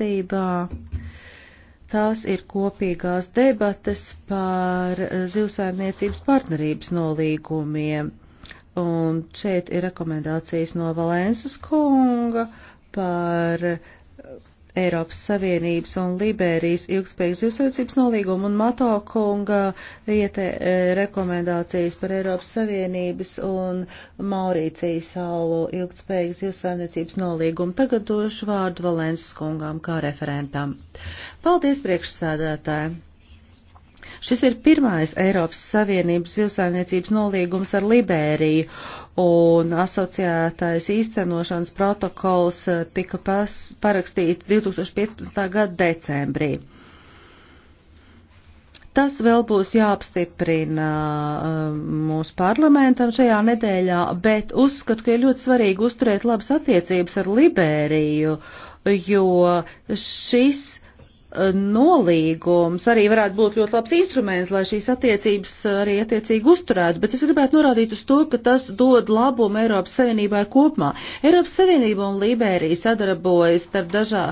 kārtībā. Tās ir kopīgās debates par eh, zivsaimniecības partnerības nolīgumiem. Un šeit ir rekomendācijas no Valēnsas kunga par Eiropas Savienības un Liberijas ilgspējīgas izsaucības nolīgumu un Mato kunga vietē e, rekomendācijas par Eiropas Savienības un Maurīcijas salu ilgspējīgas izsaucības nolīgumu. Tagad došu vārdu Valensas kungām kā referentam. Paldies priekšsēdētāji! Šis ir pirmais Eiropas Savienības zivsaimniecības nolīgums ar Liberiju, un asociētais īstenošanas protokols eh, tika pas, parakstīts 2015. gada decembrī. Tas vēl būs jāapstiprina eh, mūsu parlamentam šajā nedēļā, bet uzskatu, ka ir ļoti svarīgi uzturēt labas attiecības ar Liberiju, jo šis nolīgums arī varētu būt ļoti labs instruments, lai šīs attiecības arī attiecīgi uzturētu, bet es gribētu norādīt uz to, ka tas dod labumu Eiropas Savienībai kopumā. Eiropas Savienība un Libērija sadarbojas starp dažā,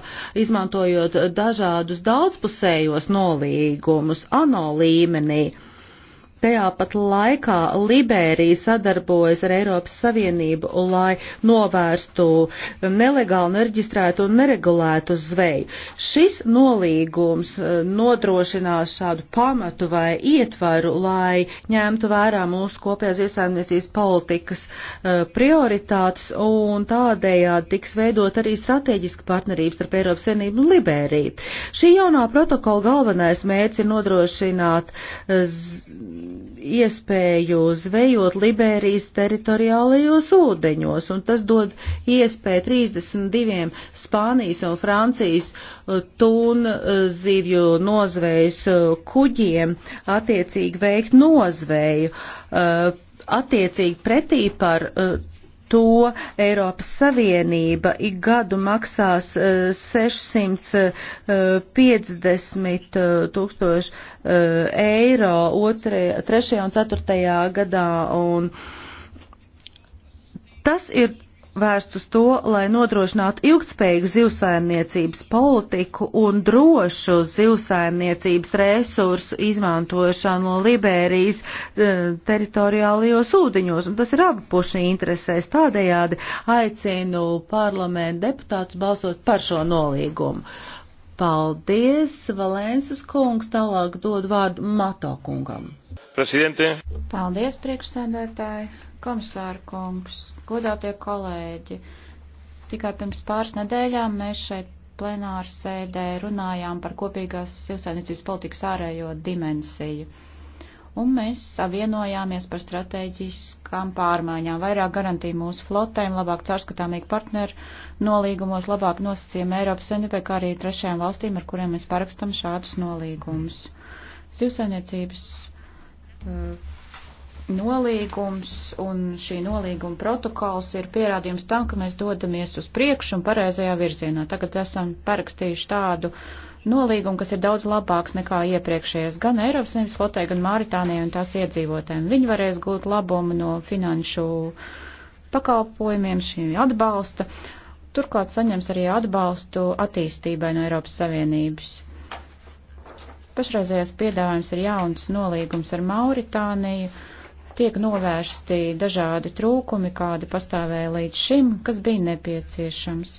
izmantojot dažādus daudzpusējos nolīgumus ANO līmenī. Tajā pat laikā Liberija sadarbojas ar Eiropas Savienību, lai novērstu nelegālu, nereģistrētu un neregulētu zveju. Šis nolīgums eh, nodrošinās šādu pamatu vai ietvaru, lai ņemtu vērā mūsu kopējās iesaimniecības politikas eh, prioritātes un tādējādi tiks veidot arī strateģiska partnerības starp Eiropas Savienību un Liberiju. Šī jaunā protokola galvenais mērķis ir nodrošināt eh, z iespēju zvejot Liberijas teritoriālajos ūdeņos, un tas dod iespēju 32 Spānijas un Francijas uh, tūnu uh, zivju nozvejas uh, kuģiem attiecīgi veikt nozveju. Attiecīgi pretī par to Eiropas Savienība ik gadu maksās 650 eh, eh, eh, tūkstoši eiro otrē, trešajā un ceturtajā gadā. Un tas ir vērsts uz to, lai nodrošinātu ilgtspējīgu zivsaimniecības politiku un drošu zivsaimniecības resursu izmantošanu Liberijas eh, teritoriālajos ūdeņos, un tas ir abu pušu interesēs. Tādējādi aicinu parlamentu deputātus balsot par šo nolīgumu. Paldies, Valēnsas kungs, tālāk dod vārdu Mato kungam. Presidente. Paldies, priekšsēdētāji. Komisāra kungs, godātie kolēģi, tikai pirms pāris nedēļām mēs šeit plenāru sēdē runājām par kopīgās silsēmniecības politikas ārējo dimensiju. Un mēs savienojāmies par strateģiskām pārmaiņām, vairāk garantīja mūsu flotēm, labāk caurskatāmīgi partneru nolīgumos, labāk nosacījumi Eiropas Savienībai, kā arī trešajām valstīm, ar kuriem mēs parakstam šādus nolīgumus. Silsēmniecības uh, eh, nolīgums un šī nolīguma protokols ir pierādījums tam, ka mēs dodamies uz priekšu un pareizajā virzienā. Tagad esam parakstījuši tādu nolīgumu, kas ir daudz labāks nekā iepriekšējais gan Eiropas Savienības flotē, gan Māritānijai un tās iedzīvotājiem. Viņi varēs gūt labumu no finanšu pakalpojumiem, šī atbalsta. Turklāt saņems arī atbalstu attīstībai no Eiropas Savienības. Pašreizējais piedāvājums ir jauns nolīgums ar Mauritāniju tiek novērsti dažādi trūkumi, kādi pastāvēja līdz šim, kas bija nepieciešams.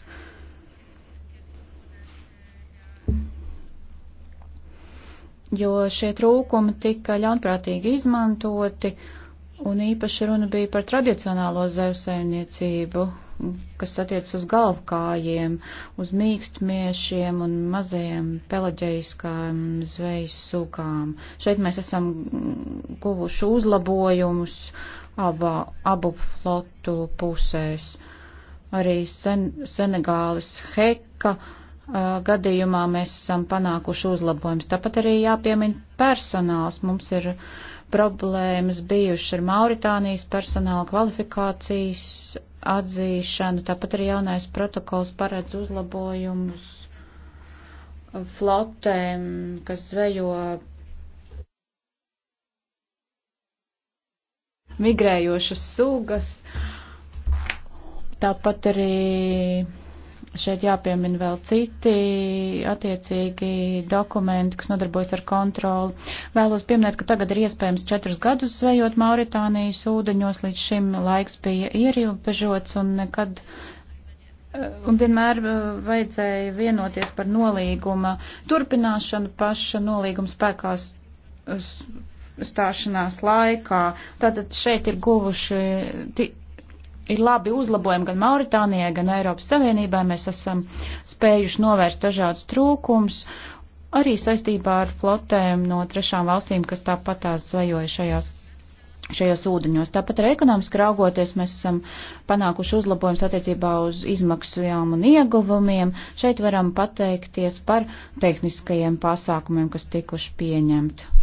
Jo šie trūkumi tika ļaunprātīgi izmantoti, un īpaši runa bija par tradicionālo zevsaimniecību, kas attiec uz galvkājiem, uz mīkstmiešiem un mazajiem pelaģeiskām zvejas sūkām. Šeit mēs esam guvuši uzlabojumus abā, abu flotu pusēs. Arī sen, Senegālis Heka gadījumā mēs esam panākuši uzlabojumus. Tāpat arī jāpiemina personāls. Mums ir problēmas bijušas ar Mauritānijas personāla kvalifikācijas atzīšanu, tāpat arī jaunais protokols paredz uzlabojumus flotēm, kas zvejo migrējošas sugas. Tāpat arī Šeit jāpiemina vēl citi attiecīgi dokumenti, kas nodarbojas ar kontroli. Vēlos pieminēt, ka tagad ir iespējams četrus gadus zvejot Mauritānijas ūdeņos, līdz šim laiks bija ierobežots un nekad eh, Un vienmēr eh, vajadzēja vienoties par nolīguma turpināšanu paša nolīguma spēkā stāšanās laikā. Tātad šeit ir guvuši ir labi uzlabojumi gan Mauritānijai, gan Eiropas Savienībai. Mēs esam spējuši novērst dažādus trūkums arī saistībā ar flotēm no trešām valstīm, kas tāpat tās zvejoja šajās. Šajos ūdeņos. Tāpat arī ekonomiski raugoties, mēs esam panākuši uzlabojums attiecībā uz izmaksām un ieguvumiem. Šeit varam pateikties par tehniskajiem pasākumiem, kas tikuši pieņemti.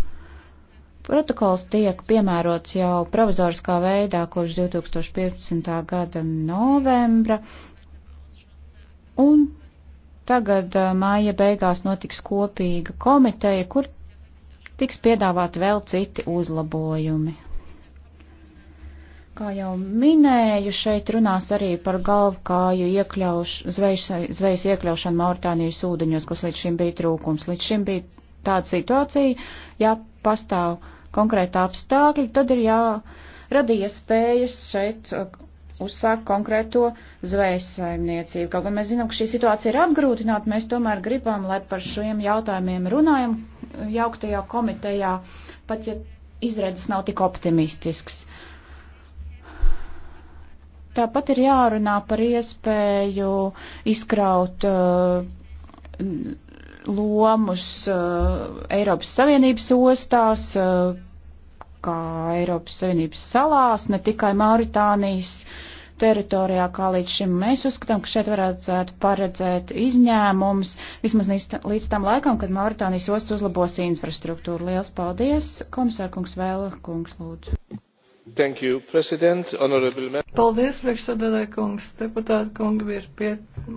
Protokols tiek piemērots jau provizoriskā veidā kopš 2015. gada novembra, un tagad māja beigās notiks kopīga komiteja, kur tiks piedāvāt vēl citi uzlabojumi. Kā jau minēju, šeit runās arī par galvkāju iekļauš, zvejas, zvejas iekļaušanu Mauritānijas ūdeņos, kas līdz šim bija trūkums. Līdz šim bija tāda situācija, ja pastāv konkrēta apstākļa, tad ir jārada iespējas šeit uh, uzsākt konkrēto zvejas saimniecību. Kaut gan mēs zinām, ka šī situācija ir apgrūtināta, mēs tomēr gribam, lai par šiem jautājumiem runājam jauktajā komitejā, pat ja izredzes nav tik optimistisks. Tāpat ir jārunā par iespēju izkraut uh, lomus uh, Eiropas Savienības ostās, uh, kā Eiropas Savienības salās, ne tikai Mauritānijas teritorijā, kā līdz šim mēs uzskatām, ka šeit varētu paredzēt izņēmums, vismaz līdz tam laikam, kad Mauritānijas ostas uzlabos infrastruktūru. Liels paldies, komisārkungs Vēla, kungs lūdzu. You, Honorable... Paldies, priekšsēdētāji kungs, deputāti kungi, ir pie,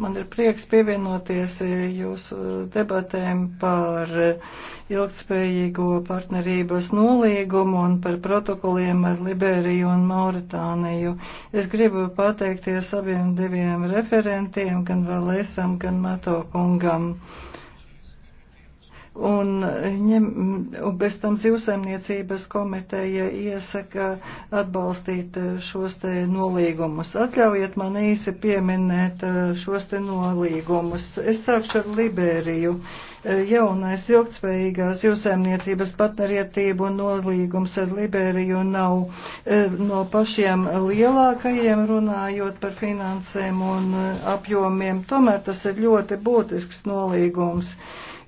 man ir prieks pievienoties eh, jūsu debatēm par eh, ilgtspējīgo partnerības nolīgumu un par protokoliem ar Liberiju un Mauritāniju. Es gribu pateikties abiem diviem referentiem, gan Valēsam, gan Mato kungam. Un, ņem, un bez tam zivsaimniecības komiteja iesaka atbalstīt eh, šos te nolīgumus. Atļaujiet man īsi pieminēt eh, šos te nolīgumus. Es sākšu ar Liberiju. Eh, jaunais ilgtspējīgās zivsaimniecības partnerietību nolīgums ar Liberiju nav no pašiem lielākajiem runājot par finansēm un apjomiem. Tomēr tas ir ļoti būtisks nolīgums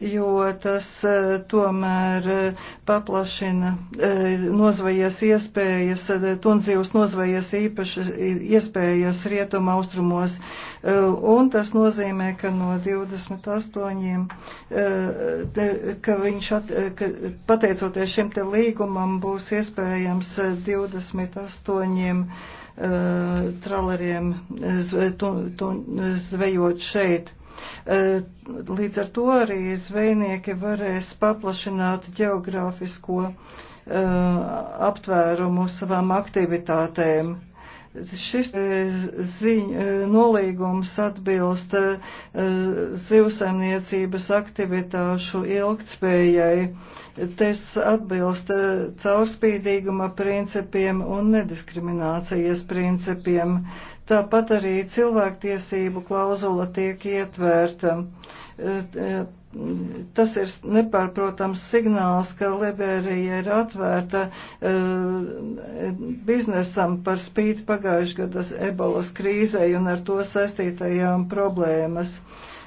jo tas eh, tomēr eh, paplašina eh, nozvajas iespējas, tunzīvas nozvajas īpašas iespējas rietuma austrumos. Un tas nozīmē, ka no 28, ka viņš, at, ka pateicoties šim te līgumam, būs iespējams 28 traleriem zvejot šeit. E, līdz ar to arī zvejnieki varēs paplašināt geogrāfisko e, aptvērumu savām aktivitātēm šis e, ziņ, nolīgums atbilst zivsaimniecības aktivitāšu ilgtspējai. Tas atbilst caurspīdīguma principiem un nediskriminācijas principiem. Uh, Tāpat arī cilvēktiesību klauzula tiek ietvērta. E, e, tas ir nepārprotams signāls, ka Liberija ir atvērta e, biznesam par spīti pagājušajā gadas ebolas krīzei un ar to saistītajām problēmas.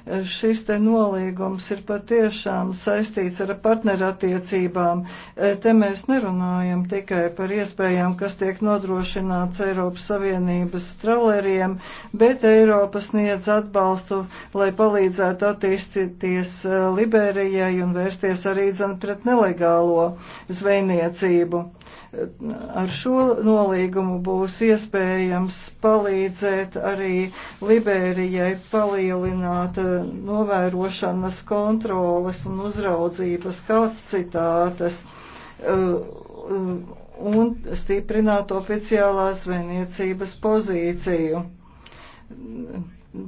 Šis te nolīgums ir patiešām saistīts ar partnerattiecībām. E, te mēs nerunājam tikai par iespējām, kas tiek nodrošināts Eiropas Savienības traleriem, bet Eiropa sniedz atbalstu, lai palīdzētu attīstīties e, Liberijai un vērsties arī dzen pret nelegālo zvejniecību. Ar šo nolīgumu būs iespējams palīdzēt arī Liberijai palielināt eh, novērošanas kontroles un uzraudzības kapacitātes eh, un stiprināt oficiālās vēniecības pozīciju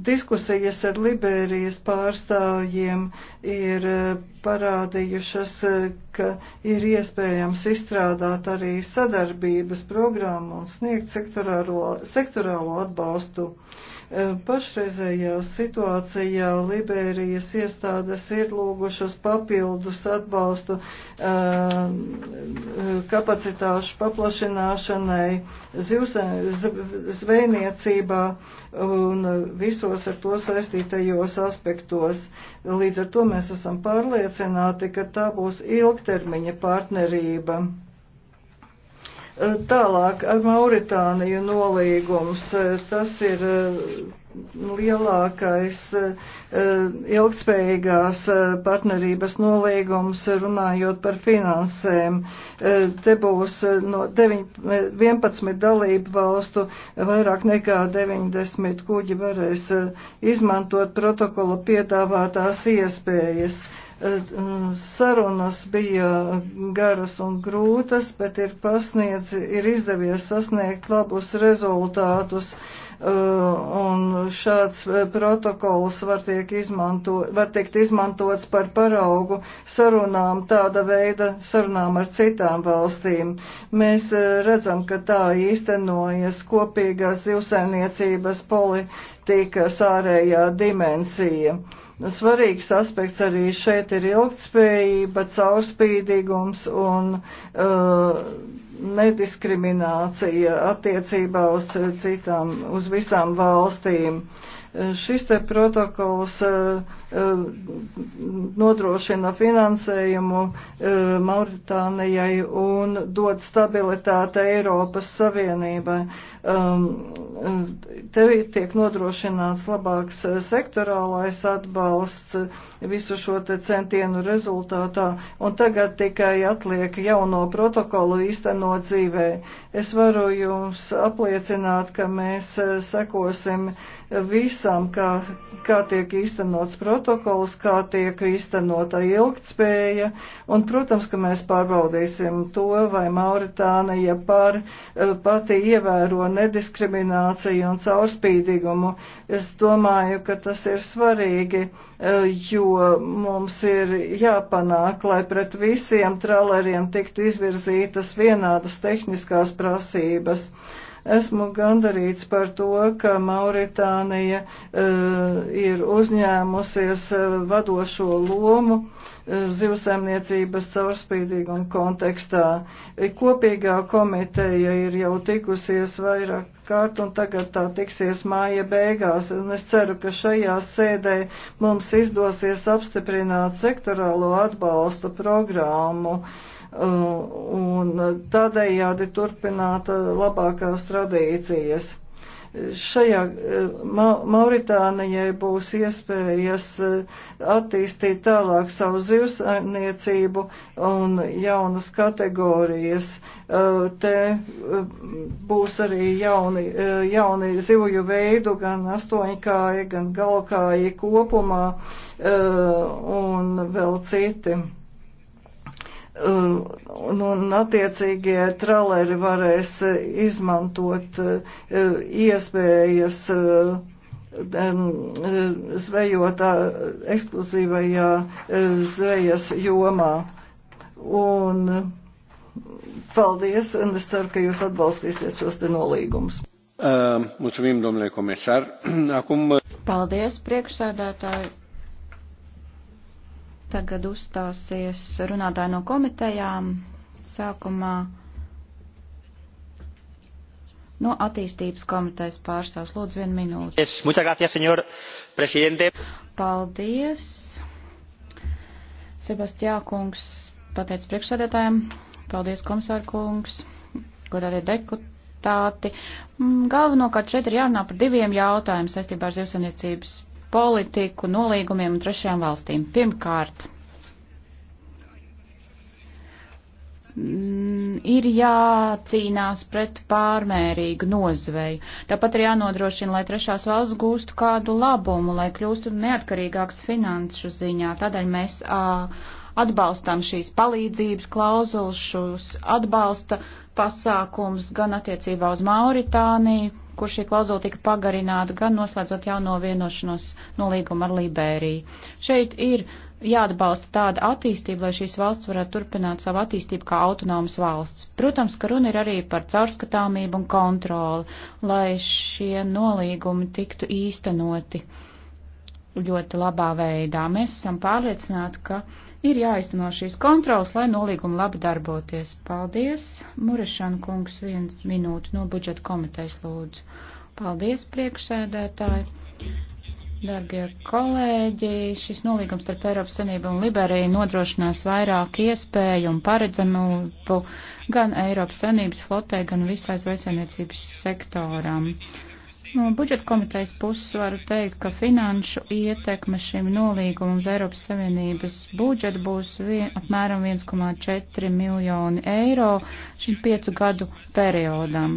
Diskusijas ar Liberijas pārstāvjiem ir eh, parādījušas, eh, ka ir iespējams izstrādāt arī sadarbības programmu un sniegt sektorālo, sektorālo atbalstu. Uh, E, pašreizējā situācijā Liberijas iestādes ir lūgušas papildus atbalstu e, kapacitāšu paplašināšanai zvejniecībā un visos ar to saistītajos aspektos. Līdz ar to mēs esam pārliecināti, ka tā būs ilgtermiņa partnerība. Eh, tālāk ar eh, Mauritāniju nolīgums. Eh, tas ir lielākais ilgtspējīgās partnerības nolīgums runājot par finansēm. Te būs no 9, 11 dalību valstu vairāk nekā 90 kuģi varēs izmantot protokola piedāvātās iespējas. Sarunas bija garas un grūtas, bet ir, pasniedz, ir izdevies sasniegt labus rezultātus. Uh, un šāds uh, protokols var, tiek izmanto, var tikt izmantots par paraugu sarunām tāda veida sarunām ar citām valstīm. Mēs uh, redzam, ka tā īstenojas kopīgās zivsainiecības politikas ārējā dimensija. Svarīgs aspekts arī šeit ir ilgtspējība, caurspīdīgums un uh, nediskriminācija attiecībā uz citām, uz visām valstīm. Šis te protokols uh, Eh, nodrošina finansējumu eh, Mauritānijai un dod stabilitāti Eiropas Savienībai. Um, eh, te tiek nodrošināts labāks sektorālais atbalsts visu šo te centienu rezultātā, un tagad tikai atliek jauno protokolu īstenot dzīvē. Es varu jums apliecināt, ka mēs sekosim visam, kā, kā tiek īstenots protokolu protokols, kā tiek īstenota ilgtspēja, un, protams, ka mēs pārbaudīsim to, vai Mauritānija par eh, pati ievēro nediskrimināciju un caurspīdīgumu. Es domāju, ka tas ir svarīgi, eh, jo mums ir jāpanāk, lai pret visiem traleriem tiktu izvirzītas vienādas tehniskās prasības. Esmu gandarīts par to, ka Mauritānija uh, ir uzņēmusies uh, vadošo lomu uh, zivsaimniecības caurspīdīguma kontekstā. Kopīgā komiteja ir jau tikusies vairāk kārt un tagad tā tiksies māja beigās. Un es ceru, ka šajā sēdē mums izdosies apstiprināt sektorālo atbalsta programmu. Uh, Uh, un tādējādi turpināt uh, labākās tradīcijas. Šajā uh, Mauritānijai būs iespējas attīstīt tālāk savu zivsaimniecību un jaunas kategorijas. Te būs arī jauni, jauni zivju veidu, gan astoņkāji, gan galkāji kopumā un vēl citi Um, un, un attiecīgie traleri varēs uh, izmantot uh, iespējas uh, um, zvejot ekskluzīvajā zvejas jomā. Un paldies, un es ceru, ka jūs atbalstīsiet šos te nolīgumus. Uh, mulțumim, domnule comisar. Acum... Paldies, priekšsēdētāji. Tagad uzstāsies runātāji no komitejām. Sākumā no attīstības komitejas pārstāvs. Lūdzu, vienu minūti. Yes, muchas gracias, señor presidente. Paldies. Sebastijā kungs pateic priekšsēdētājiem. Paldies, komisār kungs. Godātie deputāti. Mm, galvenokārt šeit ir jārunā par diviem jautājumiem saistībā ar zivsainiecības politiku nolīgumiem un trešajām valstīm. Pirmkārt, mm, ir jācīnās pret pārmērīgu nozveju. Tāpat ir jānodrošina, lai trešās valsts gūstu kādu labumu, lai kļūstu neatkarīgāks finanšu ziņā. Tādēļ mēs ā, atbalstām šīs palīdzības klauzulas, šos atbalsta pasākums gan attiecībā uz Mauritāniju, kur šī klauzula tika pagarināta, gan noslēdzot jauno vienošanos nolīgumu ar Libēriju. Šeit ir jāatbalsta tāda attīstība, lai šīs valsts varētu turpināt savu attīstību kā autonomas valsts. Protams, ka runa ir arī par caurskatāmību un kontroli, lai šie nolīgumi tiktu īstenoti ļoti labā veidā. Mēs esam pārliecināti, ka ir jāizteno šīs kontrolas, lai nolīguma labi darboties. Paldies, Murešana kungs, viens minūte no budžeta komitejas lūdzu. Paldies, priekšsēdētāji. Dargie kolēģi, šis nolīgums starp Eiropas Sanību un Liberiju nodrošinās vairāk iespēju un paredzamību gan Eiropas Sanības flotē, gan visai zvaigznājas sektoram. Uh, No budžeta komitejas puses varu teikt, ka finanšu ietekme šim nolīgumam uz Eiropas Savienības budžetu būs vien, apmēram 1,4 miljoni eiro šim piecu gadu periodam.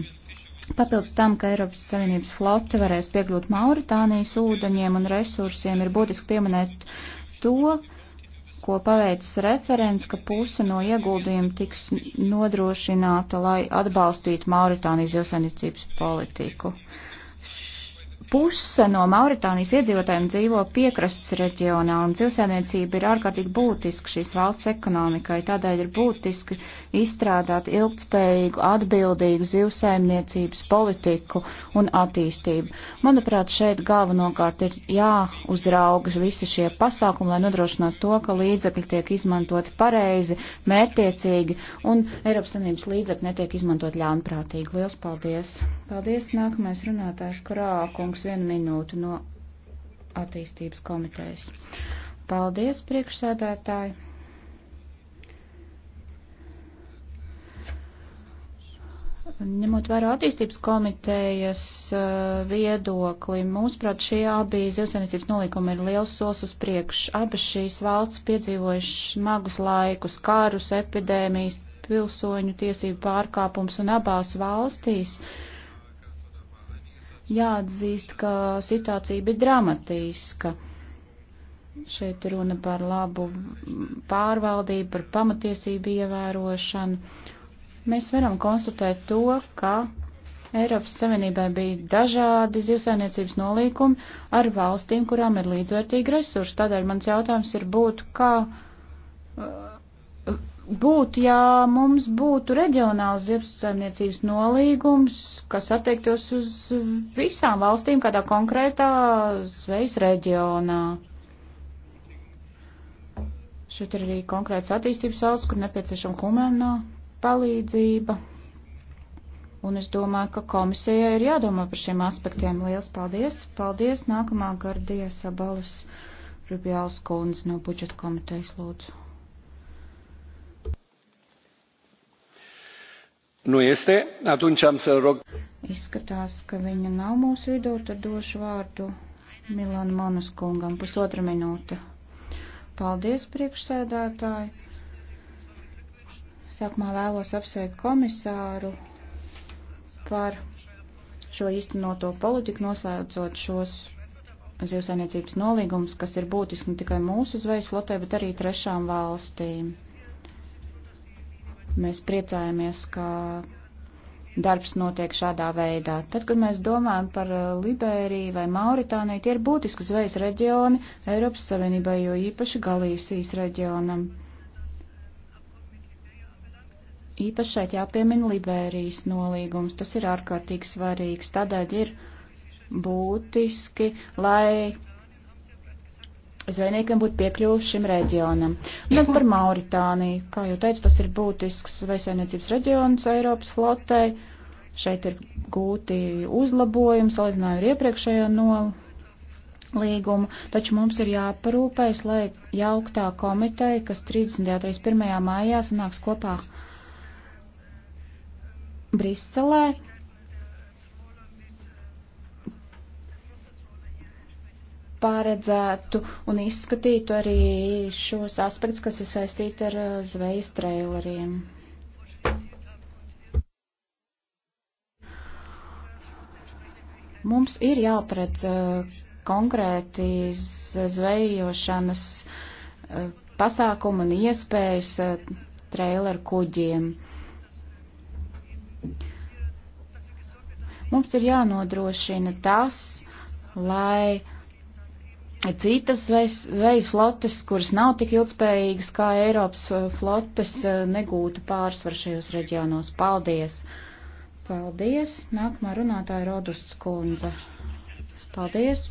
Papildus tam, ka Eiropas Savienības flote varēs piekļūt Mauritānijas ūdeņiem un resursiem, ir būtiski pieminēt to, ko paveicis referents, ka puse no ieguldījuma tiks nodrošināta, lai atbalstītu Mauritānijas zilsainicības politiku. Uh, Puse no Mauritānijas iedzīvotājiem dzīvo piekrastes reģionā, un cilvēcniecība ir ārkārtīgi būtiska šīs valsts ekonomikai. Tādēļ ir būtiski izstrādāt ilgtspējīgu, atbildīgu zivsaimniecības politiku un attīstību. Manuprāt, šeit galvenokārt ir jāuzrauga visi šie pasākumi, lai nodrošinātu to, ka līdzekļi tiek izmantoti pareizi, mērtiecīgi, un Eiropas Savienības līdzekļi netiek izmantot ļaunprātīgi. Lielas paldies! Paldies! Nākamais runātājs Krākums kungs vienu minūtu no attīstības komitejas. Paldies, priekšsēdētāji! Ņemot vērā attīstības komitejas eh, viedokli, mūsuprāt, šie abi zivsainiecības nolīkumi ir liels solis uz priekšu. Abas šīs valsts piedzīvojuši smagus laikus, karus, epidēmijas, pilsoņu tiesību pārkāpums un abās valstīs. Uh, Jāatzīst, ka situācija bija dramatiska. Šeit runa par labu pārvaldību, par pamatiesību ievērošanu. Mēs varam konstatēt to, ka Eiropas Savienībai bija dažādi zivsainiecības nolīkumi ar valstīm, kurām ir līdzvērtīgi resursi. Tādēļ mans jautājums ir būt, kā uh, būtu, ja mums būtu reģionāls zivsaimniecības nolīgums, kas attiektos uz visām valstīm kādā konkrētā zvejas reģionā. Šeit ir arī konkrēts attīstības valsts, kur nepieciešama humēna palīdzība. Un es domāju, ka komisijai ir jādomā par šiem aspektiem. Lielas paldies! Paldies! Nākamā gardie Sabalus Rubjāls kundze no budžeta komitejas lūdzu. Nu este, atunci am să rog. Izskatās, ka viņa nav mūsu vidū, tad došu vārdu Milan Manus kungam pusotra minūte. Paldies, priekšsēdētāji. Sākumā vēlos apsveikt komisāru par šo īstenoto politiku, noslēdzot šos zivsainiecības nolīgumus, kas ir būtiski ne tikai mūsu zvejas flotē, bet arī trešām valstīm. Mēs priecājamies, ka darbs notiek šādā veidā. Tad, kad mēs domājam par uh, Liberiju vai Mauritāniju, tie ir būtiski zvejas reģioni Eiropas Savienībai, jo īpaši Galīsijas reģionam. Īpaši šeit jāpiemina Liberijas nolīgums, tas ir ārkārtīgi svarīgs, tādēļ ir būtiski, lai zvejniekiem būtu piekļuvuši šim reģionam. Un par Mauritāniju, kā jau teicu, tas ir būtisks zvejsainiecības reģions Eiropas flotei. Šeit ir gūti uzlabojumi, salīdzinājumi ar iepriekšējo nolīgumu, taču mums ir jāparūpējas, lai jauktā komiteja, kas 30. un 31. maijā sanāks kopā Briselē, paredzētu un izskatītu arī šos aspektus, kas ir saistīti ar uh, zvejas traileriem. Mums ir jāparedz uh, konkrēti zvejošanas uh, pasākumu un iespējas traileru kuģiem. Mums ir jānodrošina tas, lai citas zvejas, zvejas flotes, kuras nav tik ilgspējīgas kā Eiropas uh, flotes, uh, negūtu pārsvaru šajos reģionos. Paldies! Paldies! Nākamā runātāja Rodusts Kunze. Paldies!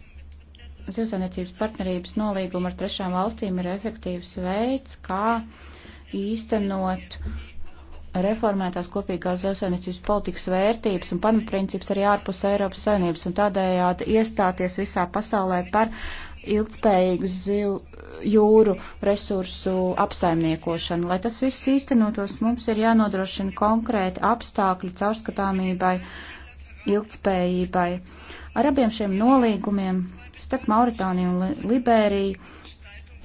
Zivsainiecības partnerības nolīguma ar trešām valstīm ir efektīvs veids, kā īstenot reformētās kopīgās zivsainicības politikas vērtības un pamatprincips arī ārpus Eiropas saimnības un tādējādi iestāties visā pasaulē par ilgspējīgu zivu jūru resursu apsaimniekošanu. Lai tas viss īstenotos, mums ir jānodrošina konkrēti apstākļi caurskatāmībai, ilgspējībai. Ar abiem šiem nolīgumiem starp Mauritāniju un Libēriju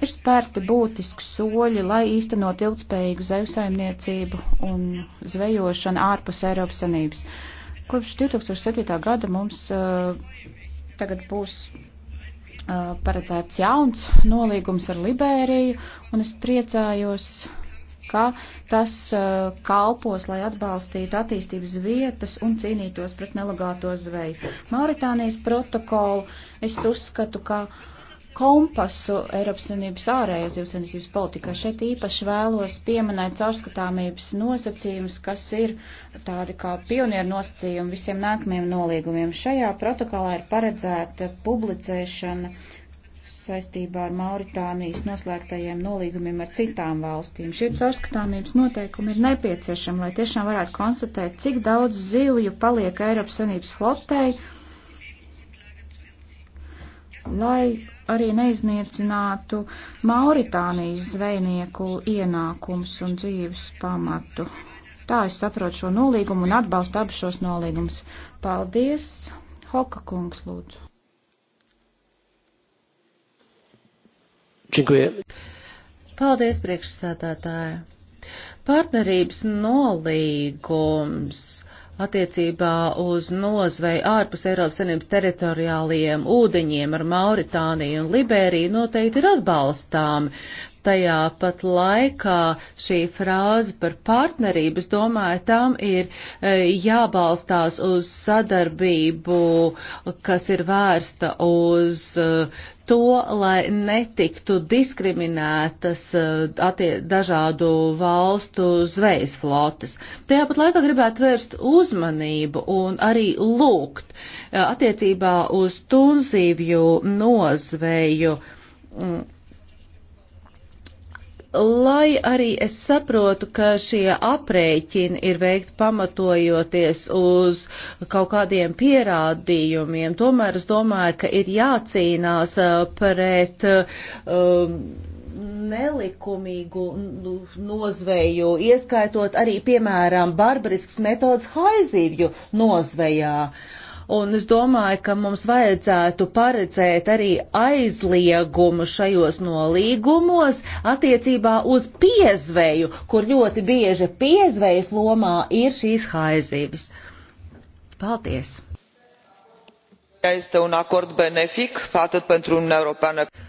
Ir spērti būtiski soļi, lai īstenot ilgspējīgu zivsaimniecību un zvejošanu ārpus Eiropas Sanības. Kopš 2007. gada mums uh, tagad būs uh, paredzēts jauns nolīgums ar Libēriju, un es priecājos, ka tas uh, kalpos, lai atbalstītu attīstības vietas un cīnītos pret nelegāto zveju. Mauritānijas protokolu es uzskatu, ka uh, kompasu Eiropas Savienības ārējās divsainības politikā. Šeit īpaši vēlos pieminēt caurskatāmības nosacījumus, kas ir tādi kā pionieru nosacījumi visiem nākamajiem nolīgumiem. Šajā protokolā ir paredzēta publicēšana saistībā ar Mauritānijas noslēgtajiem nolīgumiem ar citām valstīm. Šie caurskatāmības noteikumi ir nepieciešami, lai tiešām varētu konstatēt, cik daudz zivju paliek Eiropas Savienības flotei, lai arī neiznīcinātu Mauritānijas zvejnieku ienākums un dzīves pamatu. Tā es saprotu šo nolīgumu un atbalstu abus šos nolīgumus. Paldies! Hoka kungs lūdzu. Čikvie. Paldies, priekšsēdētāja. Partnerības nolīgums. Uh, attiecībā uz nozvei ārpus Eiropas Savienības teritoriālajiem ūdeņiem ar Mauritāniju un Liberiju noteikti ir atbalstāmi, tajā pat laikā šī frāze par partnerību, es domāju, tam ir e, jābalstās uz sadarbību, kas ir vērsta uz e, to, lai netiktu diskriminētas e, attie, dažādu valstu zvejas flotes. Tajā pat laikā gribētu vērst uzmanību un arī lūgt attiecībā uz tunzīvju nozveju. Mm Lai arī es saprotu, ka šie aprēķini ir veikti pamatojoties uz kaut kādiem pierādījumiem, tomēr es domāju, ka ir jācīnās uh, pret um, nelikumīgu nu, nozveju, ieskaitot arī, piemēram, barbarisks metods haizivju nozvejā. Uh, Un es domāju, ka mums vajadzētu paredzēt arī aizliegumu šajos nolīgumos attiecībā uz piezveju, kur ļoti bieži piezvejas lomā ir šīs haizības. Paldies! este un acord benefic atât pentru uniunea europeană cât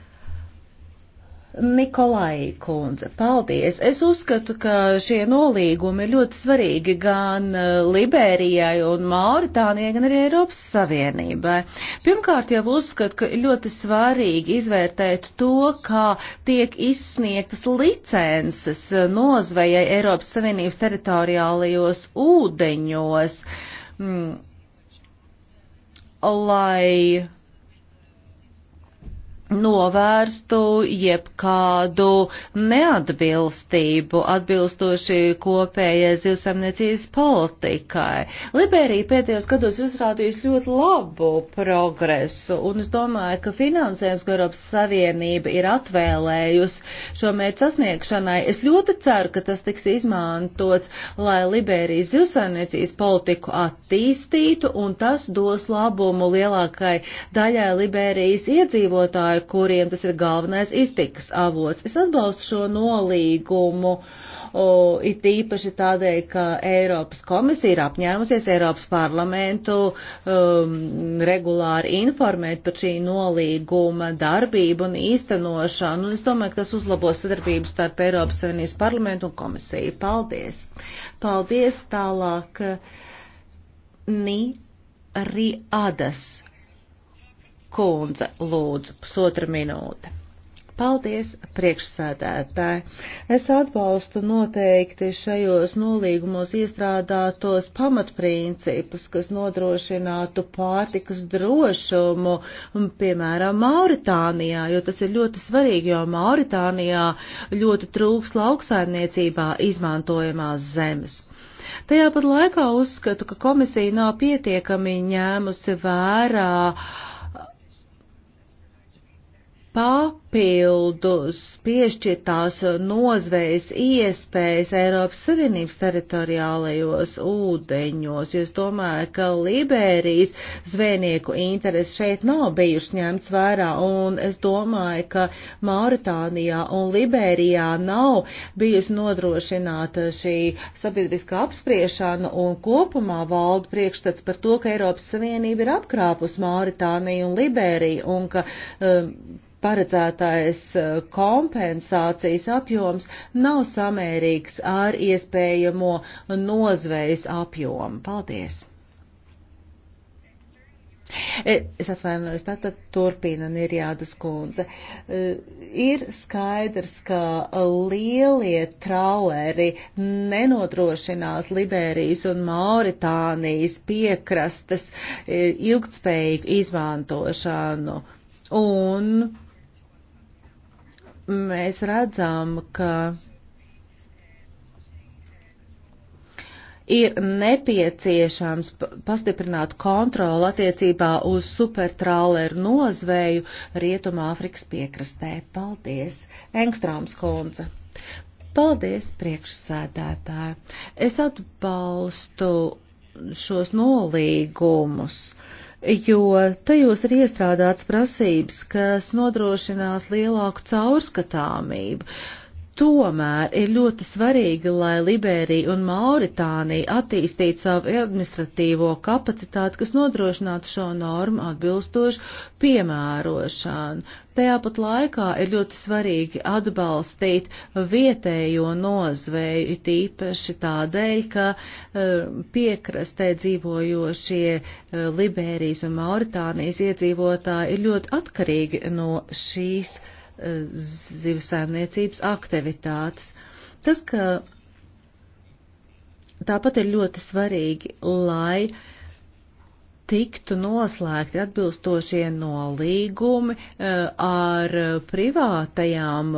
Nikolai kundze, paldies. Es uzskatu, ka šie nolīgumi ir ļoti svarīgi gan uh, Liberijai un Mauritānijai, gan arī Eiropas Savienībai. Pirmkārt jau uzskatu, ka ļoti svarīgi izvērtēt to, kā tiek izsniegtas licences uh, nozvejai Eiropas Savienības teritoriālajos ūdeņos. Mm. Lai novērstu jebkādu neatbilstību atbilstoši kopējai zivsaimniecības politikai. Liberija pēdējos gados ir uzrādījusi ļoti labu progresu, un es domāju, ka finansējums, ko Eiropas Savienība ir atvēlējusi šo mērķu sasniegšanai, es ļoti ceru, ka tas tiks izmantots, lai Liberijas zivsaimniecības politiku attīstītu, un tas dos labumu lielākai daļai Liberijas iedzīvotāju iedzīvotāji, kuriem tas ir galvenais iztikas avots. Es atbalstu šo nolīgumu, o, it īpaši tādēļ, ka Eiropas komisija ir apņēmusies Eiropas parlamentu um, regulāri informēt par šī nolīguma darbību un īstenošanu. Un es domāju, ka tas uzlabos sadarbību starp Eiropas Savienības parlamentu un komisiju. Paldies! Paldies tālāk! Ni Riadas kundze, lūdzu, pusotra minūte. Paldies, priekšsēdētāji! Es atbalstu noteikti šajos nolīgumos iestrādātos pamatprincipus, kas nodrošinātu pārtikas drošumu, piemēram, Mauritānijā, jo tas ir ļoti svarīgi, jo Mauritānijā ļoti trūks lauksaimniecībā izmantojamās zemes. Tajā pat laikā uzskatu, ka komisija nav pietiekami ņēmusi vērā uh, papildus piešķirtās nozvejas iespējas Eiropas Savienības teritoriālajos ūdeņos, jo es domāju, ka Liberijas zvejnieku interesi šeit nav bijuši ņemts vērā, un es domāju, ka Mauritānijā un Liberijā nav bijusi nodrošināta šī sabiedriska apspriešana, un kopumā valda priekšstats par to, ka Eiropas Savienība ir apkrāpus Mauritāniju un Liberiju, un ka um, paredzētais eh, kompensācijas apjoms nav samērīgs ar iespējamo nozvejas apjomu. Paldies! E, es atvainojos, tātad turpina Nirjādas kundze. E, ir skaidrs, ka lielie trauleri nenodrošinās Liberijas un Mauritānijas piekrastes e, ilgtspējīgu izmantošanu. Un mēs redzam, ka ir nepieciešams pastiprināt kontroli attiecībā uz supertrāleru nozvēju Rietumāfrikas piekrastē. Paldies, Engstrāms kundze! Paldies, priekšsēdētāji! Es atbalstu šos nolīgumus. Uh, jo tajos ir iestrādāts prasības, kas nodrošinās lielāku caurskatāmību. Uh, Tomēr ir ļoti svarīgi, lai Liberija un Mauritānija attīstītu savu administratīvo kapacitāti, kas nodrošinātu šo normu atbilstošu piemērošanu. Tajāpat laikā ir ļoti svarīgi atbalstīt vietējo nozveju, tīpaši tādēļ, ka e, piekrastē dzīvojošie e, Liberijas un Mauritānijas iedzīvotāji ir ļoti atkarīgi no šīs zivsaimniecības aktivitātes. Tas, ka tāpat ir ļoti svarīgi, lai uh, tiktu noslēgti atbilstošie nolīgumi eh, ar privātajām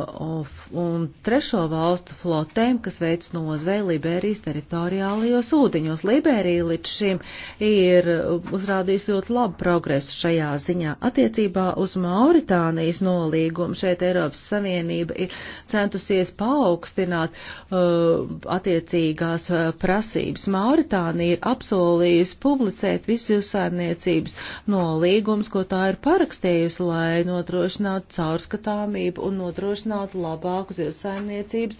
un trešo valstu flotēm, kas veic nozvei Liberijas teritoriālajos ūdeņos. Liberija līdz šim ir uzrādījusi ļoti labu progresu šajā ziņā. Attiecībā uz Mauritānijas nolīgumu šeit Eiropas Savienība ir centusies paaugstināt uh, attiecīgās eh, prasības. Mauritānija ir apsolījusi publicēt visus zivsaimniecības nolīgums, ko tā ir parakstījusi, lai notrošinātu caurskatāmību un notrošinātu labāku zivsaimniecības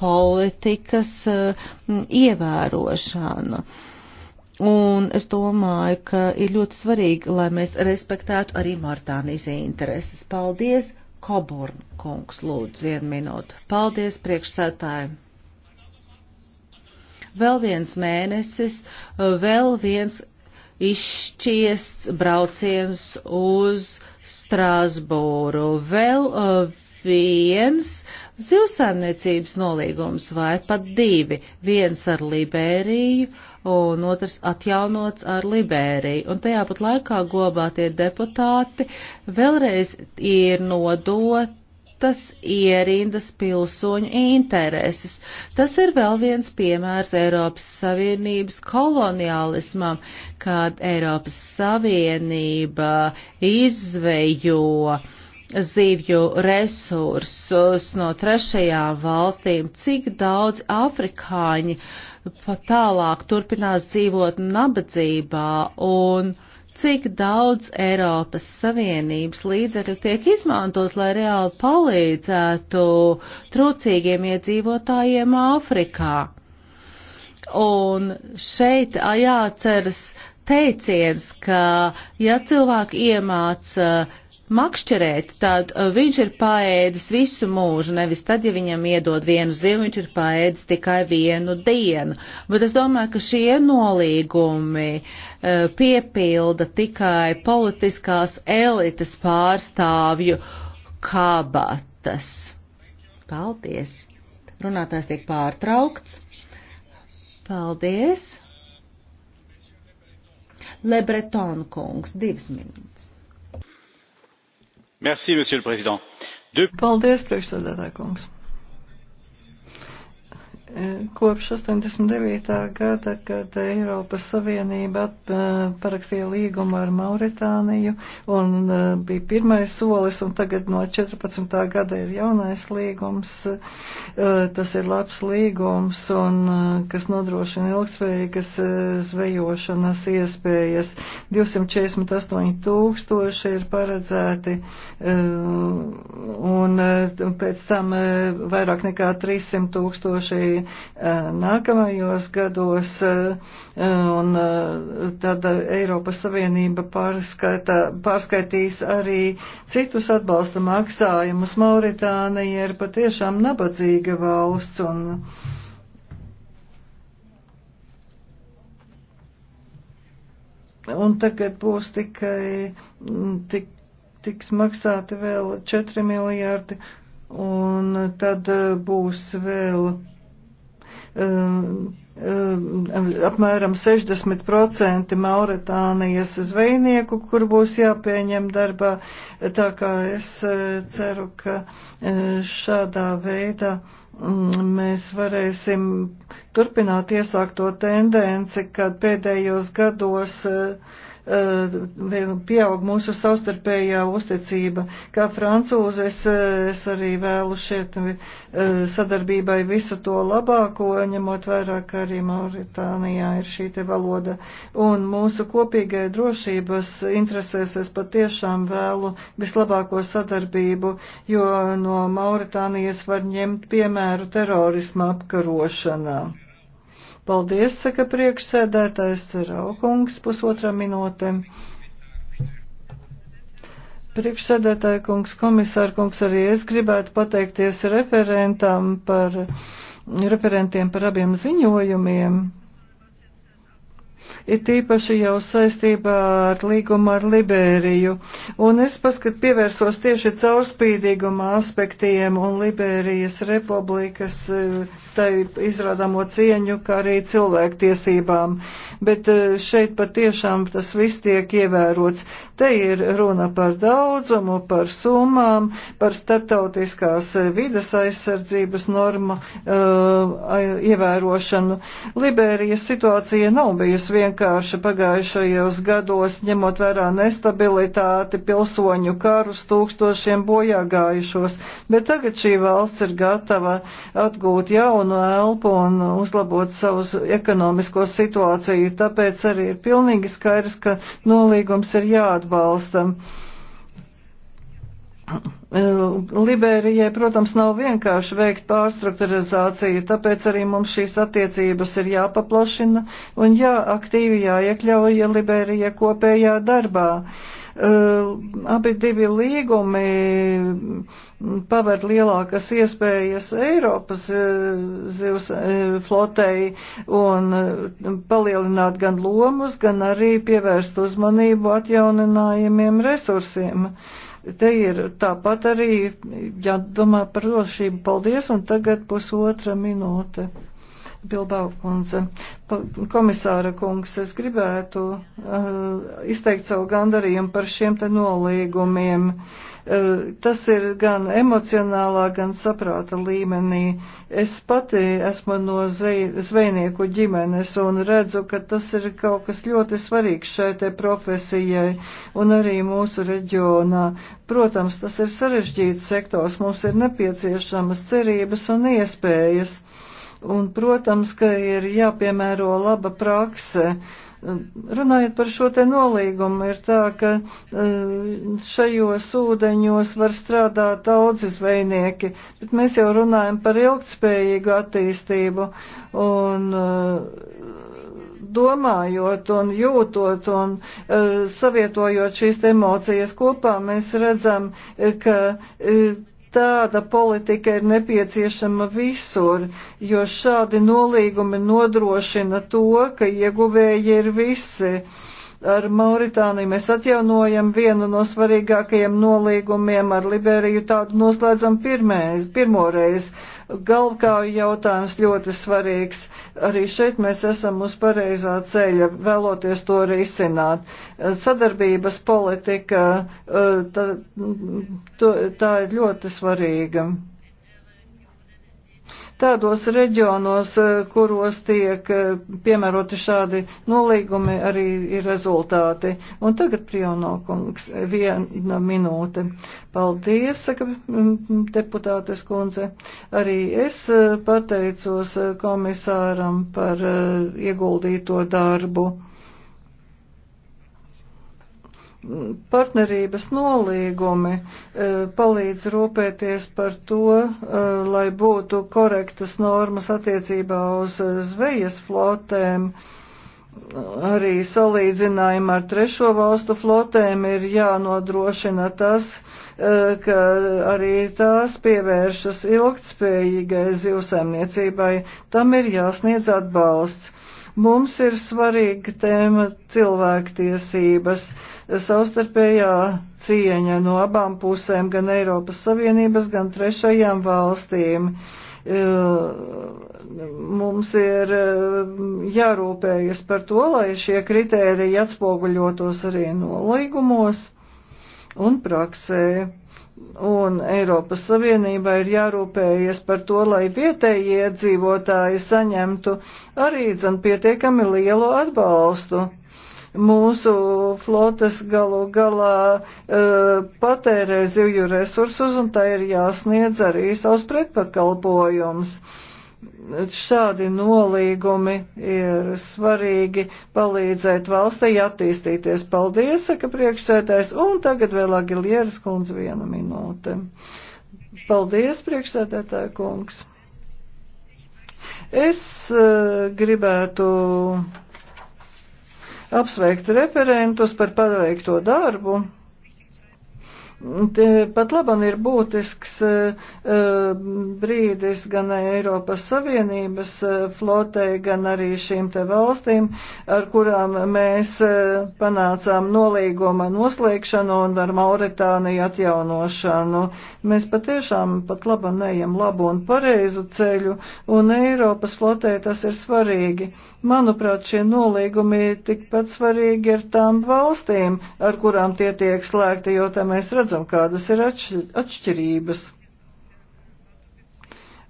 politikas uh, ievērošanu. Un es domāju, ka ir ļoti svarīgi, lai mēs respektētu arī Martānijas intereses. Paldies, Koburn kungs, lūdzu, vienu minūtu. Paldies, priekšsētāji. Vēl viens mēnesis, vēl viens izšķiests brauciens uz Strāsbūru. Vēl uh, viens zivsaimniecības nolīgums vai pat divi. Viens ar Liberiju un otrs atjaunots ar Liberiju. Un tajā pat laikā gobātie deputāti vēlreiz ir nodot tas ierindas pilsoņu intereses. Tas ir vēl viens piemērs Eiropas Savienības koloniālismam, kad Eiropas Savienība izvejo zivju resursus no trešajām valstīm, cik daudz afrikāņi pat tālāk turpinās dzīvot nabadzībā un uh, cik daudz Eiropas Savienības līdzekļu tiek izmantos, lai reāli palīdzētu trūcīgiem iedzīvotājiem Āfrikā. Un šeit jāatceras teiciens, ka ja cilvēki iemāca uh, makšķerēt, tad uh, viņš ir paēdis visu mūžu, nevis tad, ja viņam iedod vienu zivu, viņš ir paēdis tikai vienu dienu. Bet es domāju, ka šie nolīgumi uh, piepilda tikai politiskās elites pārstāvju kabatas. Paldies! Runātājs tiek pārtraukts. Paldies! Lebreton kungs, divas minūtes. Merci, Paldies, priekšsēdētāj kungs! E, kopš 89. gada, kad Eiropas Savienība e, parakstīja līgumu ar Mauritāniju un e, bija pirmais solis, un tagad no 14. gada ir jaunais līgums, tas ir labs līgums, un kas nodrošina ilgspējīgas zvejošanas iespējas. 248 tūkstoši ir paredzēti, un pēc tam vairāk nekā 300 tūkstoši arī eh, nākamajos gados, eh, un eh, tad Eiropas Savienība pārskaitīs arī citus atbalsta maksājumus. Mauritānija ir patiešām nabadzīga valsts. Un, un tagad būs tikai, mm, tik, tiks maksāti vēl 4 miljārdi, un tad būs vēl Um, um, apmēram 60% Mauretānijas zvejnieku, kur būs jāpieņem darbā. Tā kā es uh, ceru, ka uh, šādā veidā mm, mēs varēsim turpināt iesākto tendenci, kad pēdējos gados uh, Eh, pieaug mūsu savstarpējā uzticība. Kā francūzes eh, es arī vēlu šeit eh, sadarbībai visu to labāko, ņemot vērā, ka arī Mauritānijā ir šī te valoda. Un mūsu kopīgai drošības interesēs es patiešām vēlu vislabāko sadarbību, jo no Mauritānijas var ņemt piemēru terorisma apkarošanā. Paldies, saka priekšsēdētājs Raukungs, pusotra minūte. Priekšsēdētāja kungs, komisāra kungs, arī es gribētu pateikties referentam par, referentiem par abiem ziņojumiem it īpaši jau saistībā ar līgumu ar Liberiju. Un es paskat pievērsos tieši caurspīdīguma aspektiem un Liberijas republikas eh, tai izrādāmo cieņu, kā arī cilvēktiesībām. Uh, bet eh, šeit patiešām tas viss tiek ievērots. Te ir runa par daudzumu, par summām, par starptautiskās eh, vidas aizsardzības normu uh, eh, ievērošanu. Liberijas situācija nav bijusi vienkārša pagājušajos gados, ņemot vērā nestabilitāti, pilsoņu karus, tūkstošiem bojāgājušos, bet tagad šī valsts ir gatava atgūt jaunu elpu un uzlabot savus ekonomisko situāciju Krieviju, tāpēc arī ir pilnīgi skaidrs, ka nolīgums ir jāatbalsta. Liberijai, protams, nav vienkārši veikt pārstrukturizāciju, tāpēc arī mums šīs attiecības ir jāpaplašina un jāaktīvi jāiekļauja Liberija kopējā darbā. Uh, Eh, abi divi līgumi mm, paver lielākas iespējas Eiropas eh, zivs eh, flotei un palielināt gan lomus, gan arī pievērst uzmanību atjauninājumiem resursiem. Te ir tāpat arī jādomā par drošību. Paldies, un tagad pusotra minūte. Bilbao kundze. Komisāra kungs, es gribētu uh, izteikt savu gandarījumu par šiem te nolīgumiem. Uh, tas ir gan emocionālā, gan saprāta līmenī. Es pati esmu no zvejnieku ģimenes un redzu, ka tas ir kaut kas ļoti svarīgs šai te profesijai un arī mūsu reģionā. Protams, tas ir sarežģīts sektors, mums ir nepieciešamas cerības un iespējas Un, protams, ka ir jāpiemēro laba prakse. Runājot par šo te nolīgumu, ir tā, ka eh, šajos ūdeņos var strādāt daudzi zvejnieki, bet mēs jau runājam par ilgtspējīgu attīstību un eh, domājot un jūtot un eh, savietojot šīs emocijas kopā, mēs redzam, ka tāda politika ir nepieciešama visur, jo šādi nolīgumi nodrošina to, ka ieguvēji ir visi. Ar Mauritāniju mēs atjaunojam vienu no svarīgākajiem nolīgumiem, ar Liberiju tādu noslēdzam pirmreiz. pirmoreiz Galvkauju jautājums ļoti svarīgs. Arī šeit mēs esam uz pareizā ceļa, vēloties to risināt. Sadarbības politika, eh, tā, tā ir ļoti svarīga. Tādos reģionos, eh, kuros tiek eh, piemēroti šādi nolīgumi, arī ir rezultāti. Un tagad Prionokungs, viena minūte. Paldies, saka mm, mm, deputātes kundze. Arī es eh, pateicos komisāram par ieguldīto darbu partnerības nolīgumi e, palīdz rūpēties par to, e, lai būtu korektas normas attiecībā uz e, zvejas flotēm. Arī salīdzinājumā ar trešo valstu flotēm ir jānodrošina tas, ka arī tās pievēršas ilgtspējīgai zivsaimniecībai. Tam ir jāsniedz atbalsts Mums ir svarīga tēma cilvēktiesības, savstarpējā cieņa no abām pusēm, gan Eiropas Savienības, gan trešajām valstīm eh, mums ir eh, jārūpējas par to, lai šie kritēriji atspoguļotos arī nolīgumos un praksē. Un Eiropas Savienībai ir jārūpējies par to, lai vietējie iedzīvotāji saņemtu arī dzen pietiekami lielu atbalstu. Mūsu flotes galu galā e, patērē zivju resursus, un tā ir jāsniedz arī savs pretpakalpojums. E, šādi nolīgumi ir svarīgi palīdzēt valstī attīstīties. Paldies, saka priekšsēdājs, un tagad vēl Agilieras kundze viena minūte. Paldies, priekšsēdētāja kungs. Es uh, gribētu apsveikt referentus par paveikto darbu. Pat labam ir būtisks eh, eh, brīdis gan Eiropas Savienības eh, flotei, gan arī šīm te valstīm, ar kurām mēs panācām nolīguma noslēgšanu un ar Mauritāniju atjaunošanu. Mēs patiešām pat labam ejam labu un pareizu ceļu, un Eiropas flotei tas ir svarīgi. Manuprāt, šie nolīgumi ir tikpat svarīgi ar tām valstīm, ar kurām tie tiek slēgti, jo te mēs redzam, redzam, kādas ir atšķirības.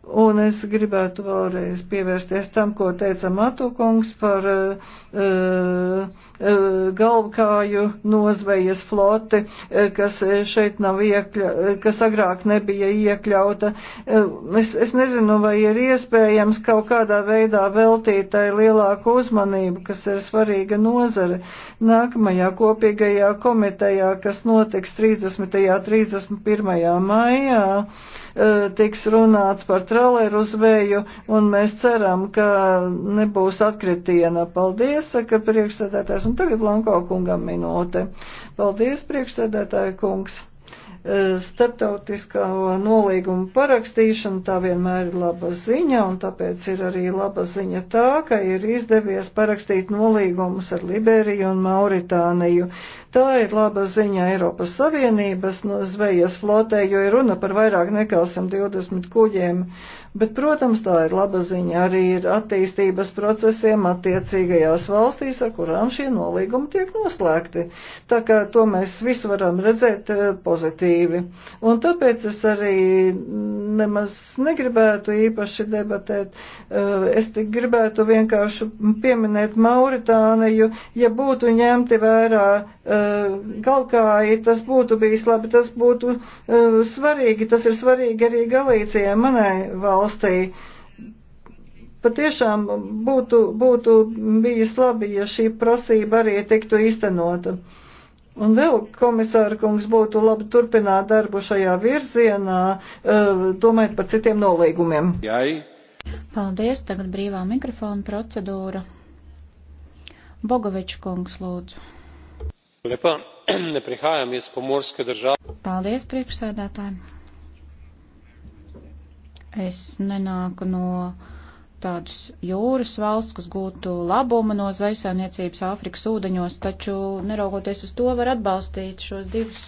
Un es gribētu vēlreiz pievērsties tam, ko teica Matukungs par uh, uh, galvkāju nozvejas floti, uh, kas šeit nav iekļa, kas agrāk nebija iekļauta. Uh, es, es nezinu, vai ir iespējams kaut kādā veidā veltīt tai lielāku uzmanību, kas ir svarīga nozare. Nākamajā kopīgajā komitejā, kas notiks 30. un 31. maijā, uh, tiks runāts par traileru uz vēju, un mēs ceram, ka nebūs atkritiena. Paldies, saka priekšsēdētājs, un tagad Lanko kungam minūte. Paldies, priekšsēdētāja kungs. E, starptautiskā nolīguma parakstīšana tā vienmēr ir laba ziņa, un tāpēc ir arī laba ziņa tā, ka ir izdevies parakstīt nolīgumus ar Liberiju un Mauritāniju. Tā ir laba ziņa Eiropas Savienības no zvejas flotē, jo ir runa par vairāk nekā 120 kuģiem. Uh, Bet, protams, tā ir laba ziņa arī ir attīstības procesiem attiecīgajās valstīs, ar kurām šie nolīgumi tiek noslēgti. Tā kā to mēs visu varam redzēt eh, pozitīvi. Un tāpēc es arī nemaz negribētu īpaši debatēt. Eh, es tik gribētu vienkārši pieminēt Mauritāniju, ja būtu ņemti vērā galkāji, eh, tas būtu bijis labi, tas būtu svarīgi, tas ir svarīgi arī Galīcijai, manai valsts valstī. Patiešām būtu, būtu bijis labi, ja šī prasība arī tiktu īstenota. Un vēl komisāra kungs būtu labi turpināt darbu šajā virzienā, eh, domājot par citiem nolīgumiem. Jai. Paldies, tagad brīvā mikrofona procedūra. Bogoviča kungs lūdzu. Lepa, ne prihajam iz pomorske države. Paldies, priekšsēdētāji. Es nenāku no tādas jūras valsts, kas gūtu labumu no zaisāniecības Āfrikas ūdeņos, taču neraugoties uz to var atbalstīt šos divus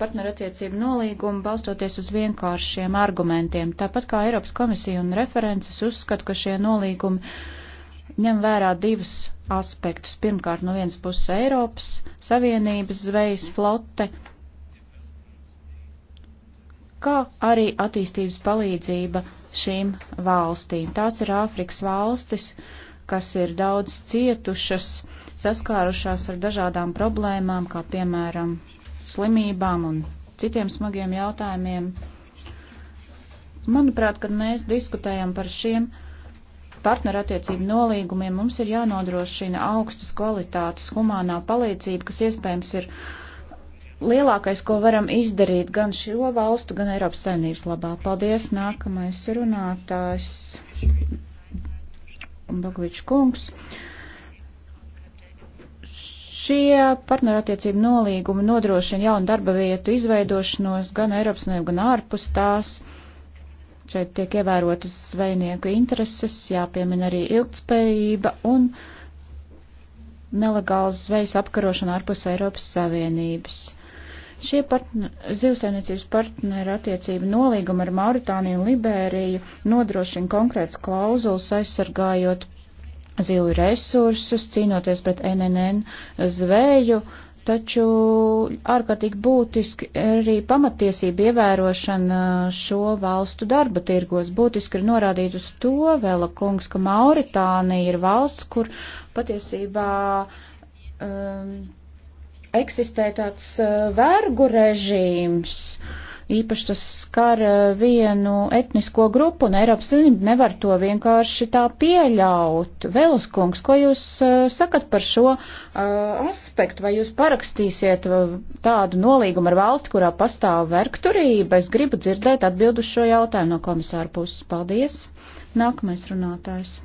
partnerattiecību nolīgumu balstoties uz vienkāršiem argumentiem. Tāpat kā Eiropas komisija un references uzskata, ka šie nolīgumi ņem vērā divus aspektus. Pirmkārt, no vienas puses Eiropas Savienības zvejas flote kā arī attīstības palīdzība šīm valstīm. Tās ir Āfrikas valstis, kas ir daudz cietušas, saskārušās ar dažādām problēmām, kā piemēram slimībām un citiem smagiem jautājumiem. Manuprāt, kad mēs diskutējam par šiem partnerattiecību nolīgumiem, mums ir jānodrošina augstas kvalitātes humānā palīdzība, kas iespējams ir uh, lielākais, ko varam izdarīt gan šo valstu, gan Eiropas saimnības labā. Paldies, nākamais runātājs Bogovičs kungs. Šie partnerattiecību nolīgumi nodrošina jaunu darba vietu izveidošanos gan Eiropas Savienību, gan ārpus tās. Šeit tiek ievērotas zvejnieku intereses, jāpiemina arī ilgtspējība un nelegāls zvejas apkarošana ārpus Eiropas Savienības. Šie partner, zivsainiecības partneru attiecību nolīgumi ar Mauritāniju un Libēriju nodrošina konkrēts klauzulas aizsargājot zivu resursus, cīnoties pret NNN zvēju, taču ārkārtīgi būtiski arī pamatiesība ievērošana šo valstu darba tirgos. Būtiski ir norādīt uz to, Vela kungs, ka Mauritānija ir valsts, kur patiesībā um, eksistē tāds eh, vergu režīms, īpaši tas skar eh, vienu etnisko grupu, un Eiropas Savienība nevar to vienkārši tā pieļaut. Vēliskungs, ko jūs eh, sakat par šo aspektu, vai jūs parakstīsiet tādu nolīgumu ar valsti, kurā pastāv vergturība? Es gribu dzirdēt atbildu šo jautājumu no komisāra puses. Paldies! Nākamais runātājs.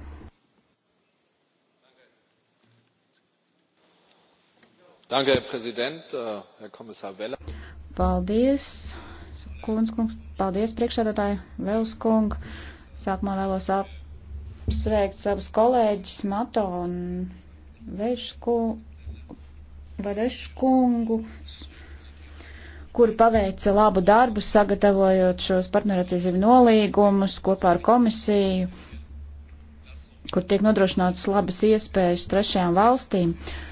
herr präsident äh, herr kommissar vella! paldies kūns kungs paldies priekšsēdētāji vels kung sākumā vēlos apsveikt savus kolēģus mato un vešku vadeškungu kuri paveica labu darbu sagatavojot šos partnerattiecību nolīgumus kopā ar komisiju kur tiek nodrošinātas labas iespējas trešajām valstīm. Uh,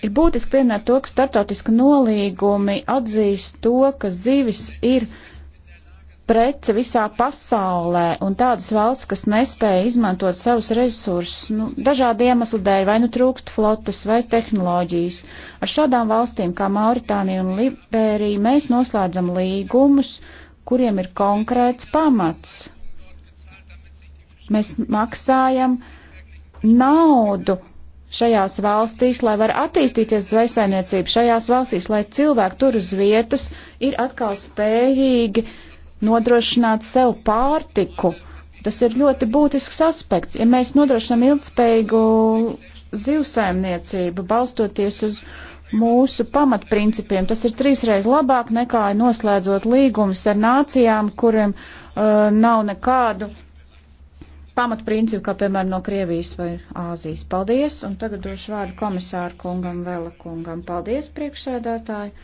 Ir būtiski pieminēt to, ka startautiski nolīgumi atzīst to, ka zivis ir prece visā pasaulē, un tādas valsts, kas nespēja izmantot savus resursus, nu, dažādi iemesli dēļ, vai nu trūkst flotas vai tehnoloģijas, ar šādām valstīm kā Mauritānija un Liberija mēs noslēdzam līgumus, kuriem ir konkrēts pamats. Mēs maksājam naudu, šajās valstīs, lai var attīstīties zvejsainiecība šajās valstīs, lai cilvēki tur uz vietas ir atkal spējīgi nodrošināt sev pārtiku. Tas ir ļoti būtisks aspekts. Ja mēs nodrošinām ilgspējīgu zivsaimniecību, balstoties uz mūsu pamatprincipiem, tas ir trīsreiz labāk nekā noslēdzot līgumus ar nācijām, kuriem uh, nav nekādu pamatprincipu, kā piemēram no Krievijas vai Āzijas. Paldies, un tagad došu vārdu komisāru kungam Vela kungam. Paldies, priekšsēdētāji.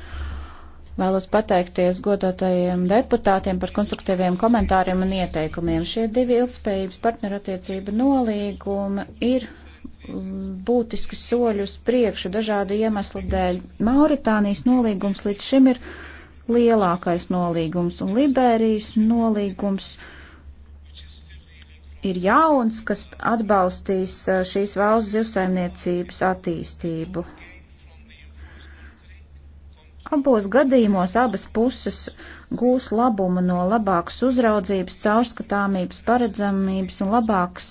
Vēlos pateikties godātajiem deputātiem par konstruktīviem komentāriem un ieteikumiem. Šie divi ilgspējības partnerattiecība nolīgumi ir būtiski soļi uz priekšu dažādu iemeslu dēļ. Mauritānijas nolīgums līdz šim ir lielākais nolīgums un Liberijas nolīgums ir jauns, kas atbalstīs šīs valsts zivsaimniecības attīstību. Abos gadījumos abas puses gūs labumu no labākas uzraudzības, caurskatāmības, paredzamības un labākas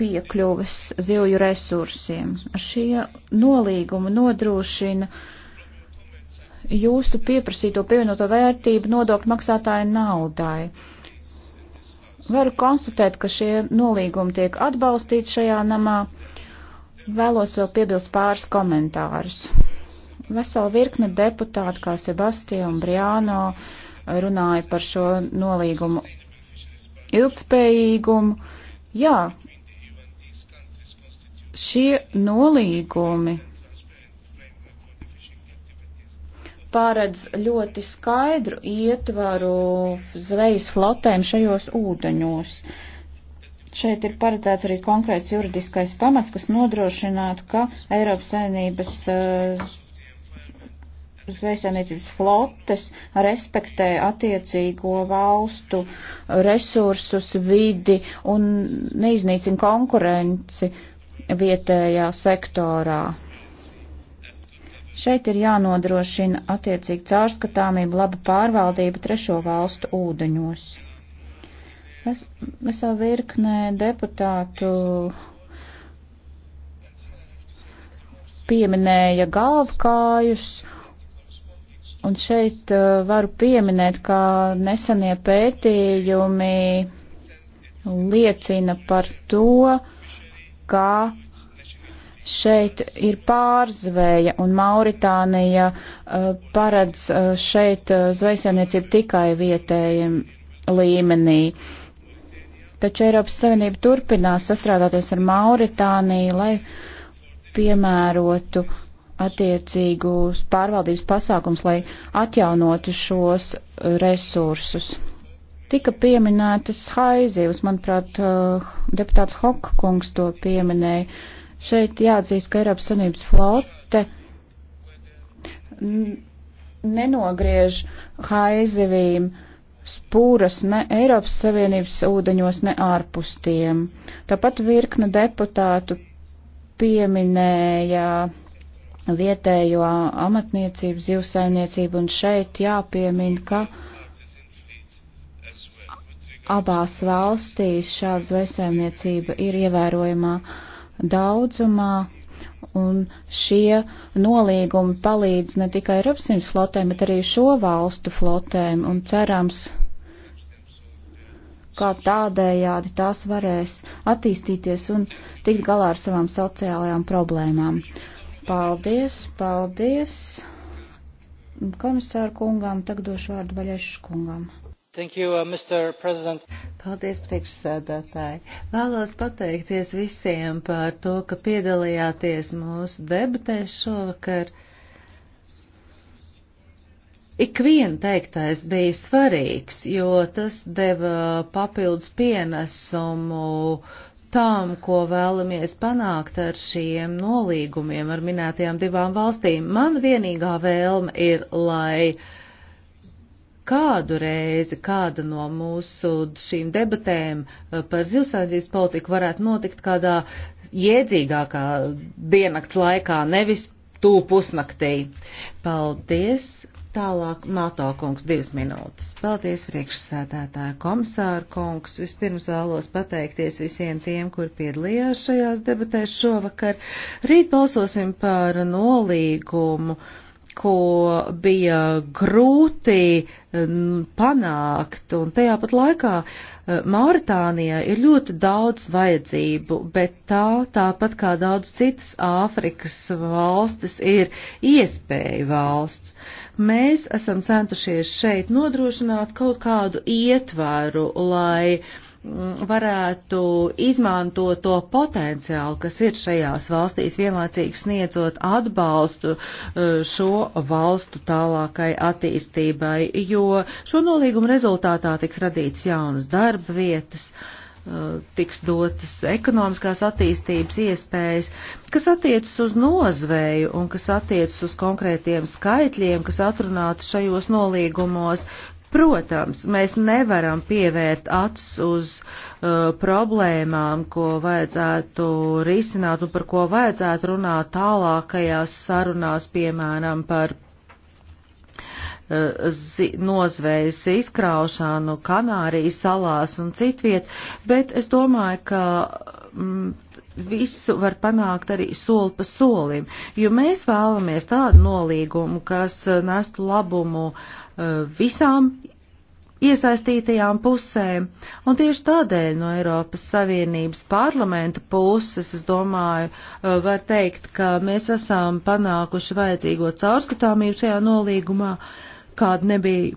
piekļuves zivju resursiem. Šie nolīgumi nodrošina jūsu pieprasīto pievienoto vērtību nodokļu maksātāju naudai. Varu konstatēt, ka šie nolīgumi tiek atbalstīti šajā namā. Vēlos vēl piebilst pāris komentārus. Vesela virkne deputāti, kā Sebastija un Briāno, runāja par šo nolīgumu ilgspējīgumu. Jā, šie nolīgumi paredz ļoti skaidru ietvaru zvejas flotēm šajos ūdeņos. Šeit ir paredzēts arī konkrēts juridiskais pamats, kas nodrošinātu, ka Eiropas saimnības eh, zvejasēmniecības flotes respektē attiecīgo valstu resursus, vidi un neiznīcina konkurenci vietējā sektorā. Šeit ir jānodrošina attiecīgi caurskatāmība, laba pārvaldība trešo valstu ūdeņos. Es, visā virknē deputātu pieminēja galvkājus, un šeit uh, varu pieminēt, ka nesenie pētījumi liecina par to, ka šeit ir pārzvēja, un Mauritānija uh, paredz uh, šeit uh, zvejsaimniecību tikai vietējiem līmenī. Taču Eiropas Savienība turpinās sastrādāties ar Mauritāniju, lai piemērotu attiecīgus pārvaldības pasākums, lai atjaunotu šos resursus. Tika pieminētas haizivas, manuprāt, uh, deputāts Hokkungs to pieminēja Šeit jāatzīst, ka Eiropas Savienības flote nenogriež haizivīm spūras ne Eiropas Savienības ūdeņos, ne ārpus tiem. Tāpat virkne deputātu pieminēja vietējo amatniecību, zivsaimniecību, un šeit jāpiemin, ka abās valstīs šāda zvejsaimniecība ir ievērojamā daudzumā, un šie nolīgumi palīdz ne tikai Eiropas Savienības flotēm, bet arī šo valstu flotēm, un cerams, kā tādējādi tās varēs attīstīties un tikt galā ar savām sociālajām problēmām. Paldies, paldies komisāru kungām, tagad došu vārdu Baļešu kungām. You, uh, Paldies, priekšsēdētāji. Vēlos pateikties visiem par to, ka piedalījāties mūsu debatēs šovakar. Ikviena teiktais bija svarīgs, jo tas deva papildus pienesumu tam, ko vēlamies panākt ar šiem nolīgumiem ar minētajām divām valstīm. Man vienīgā vēlme ir, lai uh, kādu reizi kāda no mūsu šīm debatēm eh, par zivsaidzības politiku varētu notikt kādā jēdzīgākā diennakts laikā, nevis tū pusnaktī. Paldies! Tālāk Mato kungs divas minūtes. Paldies priekšsēdētāja komisāra kungs. Vispirms vēlos pateikties visiem tiem, kur piedalījās šajās debatēs šovakar. Rīt balsosim par nolīgumu. Uh, ko bija grūti mm, panākt, un tajā pat laikā mm, Mauritānijā ir ļoti daudz vajadzību, bet tā, tāpat kā daudz citas Āfrikas valstis, ir iespēja valsts. Mēs esam centušies šeit nodrošināt kaut kādu ietvaru, lai uh, varētu izmantot to potenciālu, kas ir šajās valstīs, vienlaicīgi sniedzot atbalstu e, šo valstu tālākai attīstībai, jo šo nolīgumu rezultātā tiks radīts jaunas darba vietas e, tiks dotas ekonomiskās attīstības iespējas, kas attiecas uz nozvēju un kas attiecas uz konkrētiem skaitļiem, kas atrunāti šajos nolīgumos. Protams, mēs nevaram pievērt acis uz uh, problēmām, ko vajadzētu risināt un par ko vajadzētu runāt tālākajās sarunās, piemēram, par uh, nozvejas izkraušanu Kanārijas salās un citviet, bet es domāju, ka mm, visu var panākt arī soli pa solim, jo mēs vēlamies tādu nolīgumu, kas uh, nestu labumu uh, Eh, visām iesaistītajām pusēm, un tieši tādēļ no Eiropas Savienības parlamenta puses, es domāju, eh, var teikt, ka mēs esam panākuši vajadzīgo caurskatāmību šajā nolīgumā, kāda nebija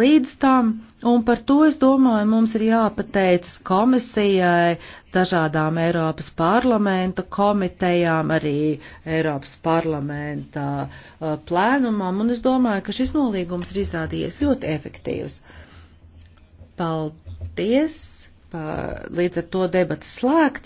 līdz tam, un par to, es domāju, mums ir jāpateicas komisijai, dažādām Eiropas parlamenta komitejām, arī Eiropas parlamenta uh, plēnumam, un es domāju, ka šis nolīgums ir izrādījies ļoti efektīvs. Paldies! Līdz ar to debatas slēgtas.